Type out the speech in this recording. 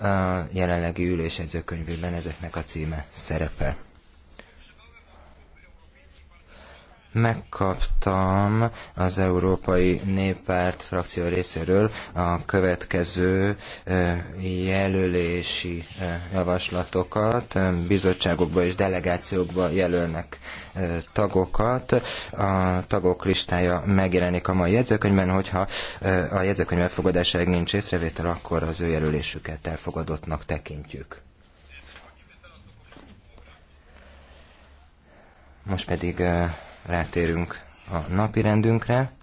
a jelenlegi ülésedzőkönyvében ezeknek a címe szerepel. megkaptam az Európai Néppárt frakció részéről a következő jelölési javaslatokat. Bizottságokba és delegációkba jelölnek tagokat. A tagok listája megjelenik a mai jegyzőkönyvben, hogyha a jegyzőkönyv elfogadásáig nincs észrevétel, akkor az ő jelölésüket elfogadottnak tekintjük. Most pedig rátérünk a napi rendünkre.